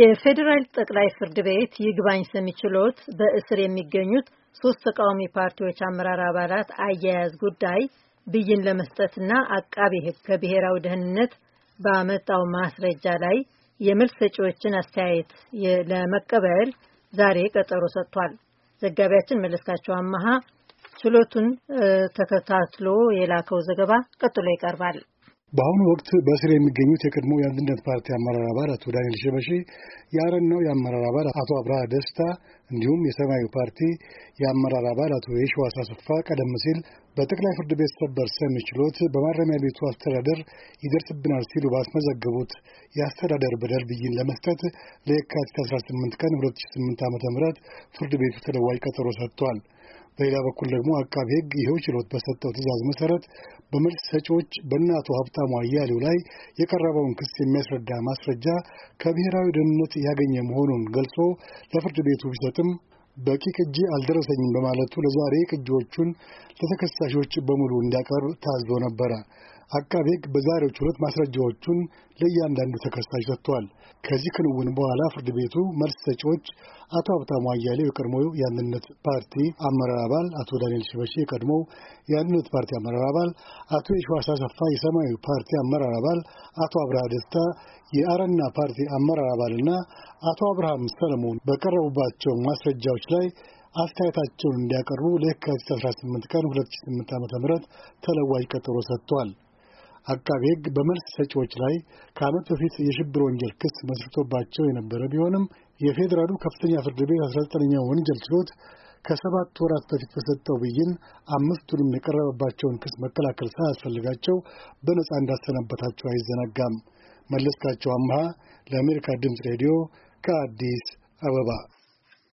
የፌዴራል ጠቅላይ ፍርድ ቤት ይግባኝ ሰሚ ችሎት በእስር የሚገኙት ሶስት ተቃዋሚ ፓርቲዎች አመራር አባላት አያያዝ ጉዳይ ብይን ለመስጠትና አቃቤ ሕግ ከብሔራዊ ደህንነት ባመጣው ማስረጃ ላይ የመልስ ሰጪዎችን አስተያየት ለመቀበል ዛሬ ቀጠሮ ሰጥቷል። ዘጋቢያችን መለስካቸው አመሃ ችሎቱን ተከታትሎ የላከው ዘገባ ቀጥሎ ይቀርባል። በአሁኑ ወቅት በእስር የሚገኙት የቀድሞ የአንድነት ፓርቲ አመራር አባል አቶ ዳንኤል ሸበሺ፣ የአረናው የአመራር አባል አቶ አብርሃ ደስታ እንዲሁም የሰማያዊ ፓርቲ የአመራር አባል አቶ የሺዋስ አሰፋ ቀደም ሲል በጠቅላይ ፍርድ ቤት ሰበር ሰሚ ችሎት በማረሚያ ቤቱ አስተዳደር ይደርስብናል ሲሉ ባስመዘገቡት የአስተዳደር በደል ብይን ለመስጠት ለየካቲት 18 ቀን 2008 ዓ ም ፍርድ ቤቱ ተለዋጭ ቀጠሮ ሰጥቷል። በሌላ በኩል ደግሞ አቃቢ ሕግ ይኸው ችሎት በሰጠው ትእዛዝ መሰረት በመልስ ሰጪዎች በእነ አቶ ሀብታሙ አያሌው ላይ የቀረበውን ክስ የሚያስረዳ ማስረጃ ከብሔራዊ ደህንነት ያገኘ መሆኑን ገልጾ ለፍርድ ቤቱ ቢሰጥም በቂ ቅጂ አልደረሰኝም በማለቱ ለዛሬ ቅጂዎቹን ለተከሳሾች በሙሉ እንዲያቀርብ ታዞ ነበረ። አቃቤ ሕግ በዛሬው ችሎት ማስረጃዎቹን ለእያንዳንዱ ተከሳሽ ሰጥቷል። ከዚህ ክንውን በኋላ ፍርድ ቤቱ መልስ ሰጪዎች አቶ ሀብታሙ አያሌው የቀድሞ የአንድነት ፓርቲ አመራር አባል፣ አቶ ዳንኤል ሽበሺ የቀድሞው የአንድነት ፓርቲ አመራር አባል፣ አቶ የሸዋሳ አሰፋ የሰማያዊ ፓርቲ አመራር አባል፣ አቶ አብርሃ ደስታ የአረና ፓርቲ አመራር አባልና አቶ አብርሃም ሰለሞን በቀረቡባቸው ማስረጃዎች ላይ አስተያየታቸውን እንዲያቀርቡ ለየካቲት 18 ቀን 2008 ዓ.ም ተለዋጅ ቀጠሮ ሰጥቷል። አቃቤ ሕግ በመልስ ሰጪዎች ላይ ከዓመት በፊት የሽብር ወንጀል ክስ መስርቶባቸው የነበረ ቢሆንም የፌዴራሉ ከፍተኛ ፍርድ ቤት 19 ወንጀል ችሎት ከሰባት ወራት በፊት በሰጠው ብይን አምስቱንም የቀረበባቸውን ክስ መከላከል ሳያስፈልጋቸው በነፃ እንዳሰናበታቸው አይዘነጋም። መለስካቸው አምሃ ለአሜሪካ ድምፅ ሬዲዮ ከአዲስ አበባ